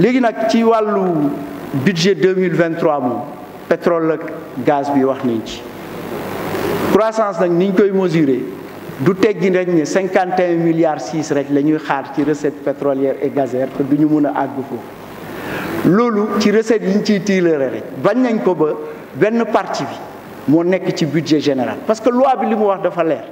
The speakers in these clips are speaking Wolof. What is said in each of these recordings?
léegi nak ci walu budget 2023 mo pétrole ak gaz bi wax nañ ci croissance nak niñ koy mesurer du téggi rek 51 milliards 6 rek lañuy xaar ci recette pétrolière et gazière que duñu mëna ag a àgg ci recette yiñ ciy rek bañ nañ ko ba benn partie bi mo nekk ci budget général parce que loi bi limu wax dafa lèr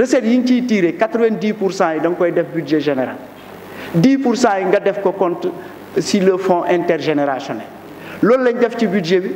recette yiñ ciy 90 yi koy def budget général 10 yi nga def ko compte si le fonds intergénérationnel loolu lañ def ci budget bi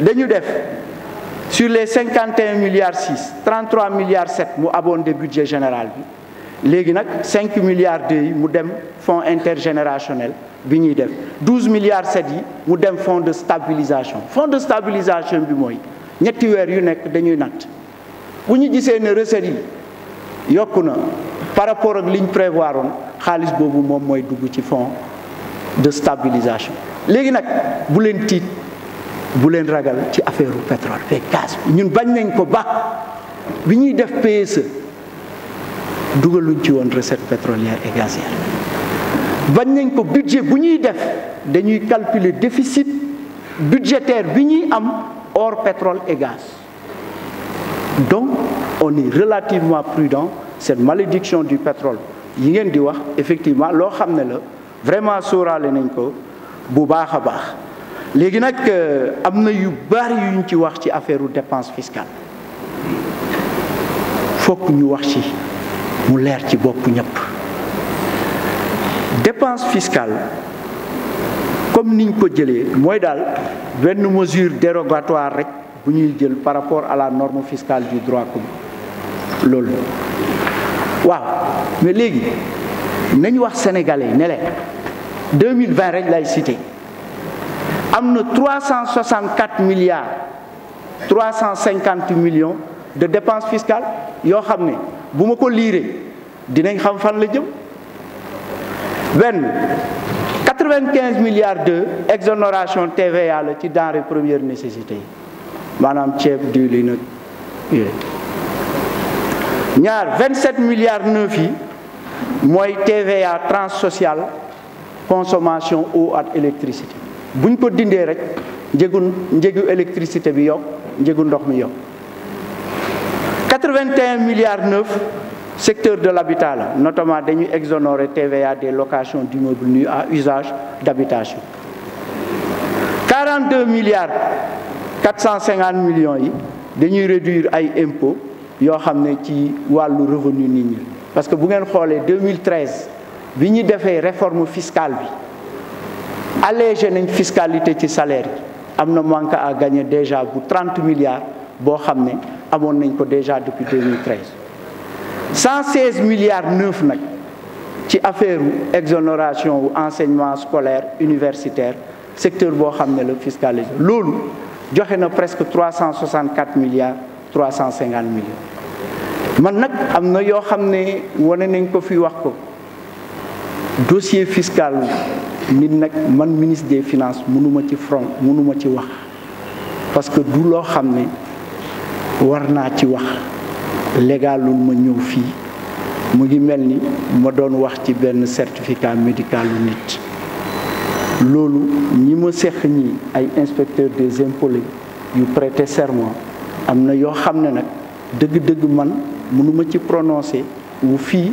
dañu def sur les 51 milliards 6 33 milliards 7 mu abondé budget général bi léegi 5 milliards 2 yi mu dem fonds intergénérationnel bi ñuy def 12 milliards 7 yi mu dem fonds de stabilisation fonds de stabilisation bi mooy ñetti weer yu nekk dañuy natt bu ñu gisee ne recettes yi par rapport ak liñ prévoiroon xaalis boobu moom mooy dugg ci fonds de stabilisation léegi nag bu leen tiit bu leen ragal ci du pétrole et gaz Nous ñun bañ nañ ko ba bi faire def PSE dugaluñ ci woon recette pétrolière et gazière bañ nañ ko budget bu ñuy def le calculer déficit budgétaire bi am hors pétrole et gaz donc on est relativement prudent cette malédiction du pétrole yi ngeen di wax effectivement loo xam vraiment sourale nañ ko bu baax baax léegi nak euh, amna yu bari yuñ ci wax ci affaire dépenses fiscales fokk ñu wax ci mu leer ci bopp ñep Dépenses fiscales. comme niñ ko jëlé moy dal benn mesure dérogatoire rek bu ñuy jël par rapport à la norme fiscale du droit commun Lol. waaw mais léegi nañ wax sénégalais ne leen 2020 règle laïcité. cité 364 milliards 350 millions de dépenses fiscales vous Vous vous ko fan 95 milliards de exonération TVA le titre premières première nécessité Madame vous du diwlin ak 27 milliards de TVA transsociale consommation eau et électricité buñ ko peut rek njëgu njëgu électricité bi yokk njëgu ndox mi 81 milliards 9 secteur de l'habitat notamment dañuy exonérer TVA des locations d'immeubles à usage d'habitation 42 milliards 450 millions yi dañuy réduire ay impôts yoo xam ne ci wàllu revenu parce que bu 2013 avons fait une réforme fiscale bi allégé nañ fiscalité ci salaire Nous avons gagné déjà 30 milliards déjà depuis 2013 116 milliards neuf nous ci affaire exonération ou enseignement scolaire universitaire secteur fiscal. xamné le fiscalité presque 364 milliards 350 millions man avons fait yo xamné nañ dossier fiscal nit nag man ministre des finances mënuma ci front mënuma ci wax parce que du loo xam ne war naa ci wax légalul ma ñëw fii mu ngi mel ni ma doon wax ci benn certificat médicalu nit loolu ñi ma seq ñi ay inspecteur des impôts yu prêter serment am na yoo xam ne nag dëgg-dëgg man mënuma ci prononcer wu fii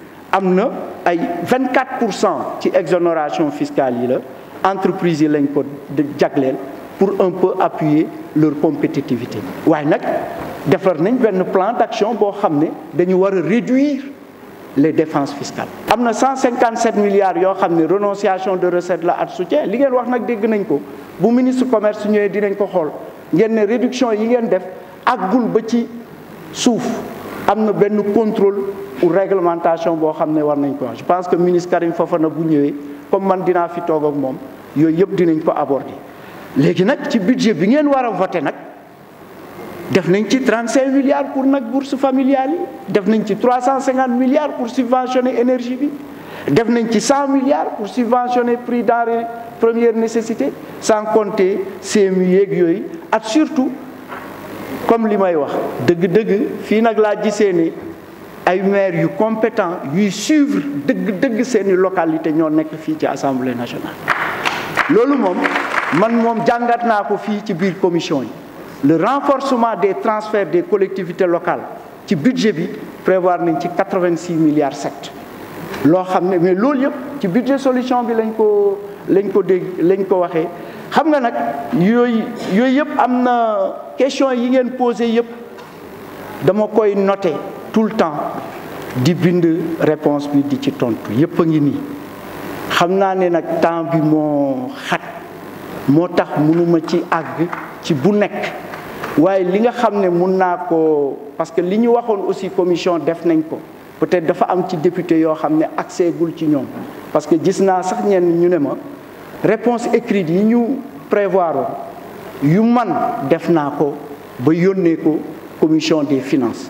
Il ay 24 d'exonération exonération fiscale yi la entreprise yi lañ ko pour un peu appuyer leur compétitivité way nak defar nañ plan d'action pour dañu réduire les défenses fiscales y 157 milliards yo xamné renonciation de recettes la at soutien li ngeen wax nak dégg nañ ko bu ministre commerce ñëwee dinañ ko y a une réduction yi ngeen def agul ba ci souf amna ben contrôle ou réglementation je pense que ministre Karim Fofana bu ñëwé comme man dina fi togo ak mom yoy yëp dinañ ko aborder légui nak ci budget bi ngeen wara a nak def 35 milliards pour nak bourse familiale def nañ 350 milliards pour subventionner l'énergie, bi def nañ 100 milliards pour subventionner prix de première nécessité sans compter CMU milliers yoy at surtout comme li may wax deug deug fi nak ay maire yu compétent yuy suivre dëgg dëgg seeni localité ñoo nekk ci assemblée nationale lolu mom man mom jangat naa ko fii ci biir commission le renforcement des transferts des collectivités locales ci budget bi prévoir nañ ci 86 milliards 7 lo xamné mais lolu ci budget solution bi lañ ko lañ ko dégg lañ ko waxé xam nga nak yoy yoy yëpp amna question yi ngeen poser yëpp dama koy noter tout le temps di bind réponse bi di ci tontu yëpp a ngi nii xam naa ne nag temps bi moo xat moo tax mënuma ci àgg ci bu nekk waaye li nga xam ne mun naa ko parce que li ñu waxoon aussi commission def nañ ko peut-être dafa am ci député yoo xam ne accès gul ci ñoom parce que gis naa sax ñenn ñu ne ma réponse écrite yi ñu prévoir yu man def naa ko ba yónnee ko commission des finances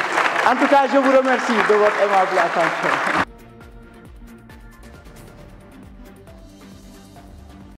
En tout cas, je vous remercie de votre aimable attention.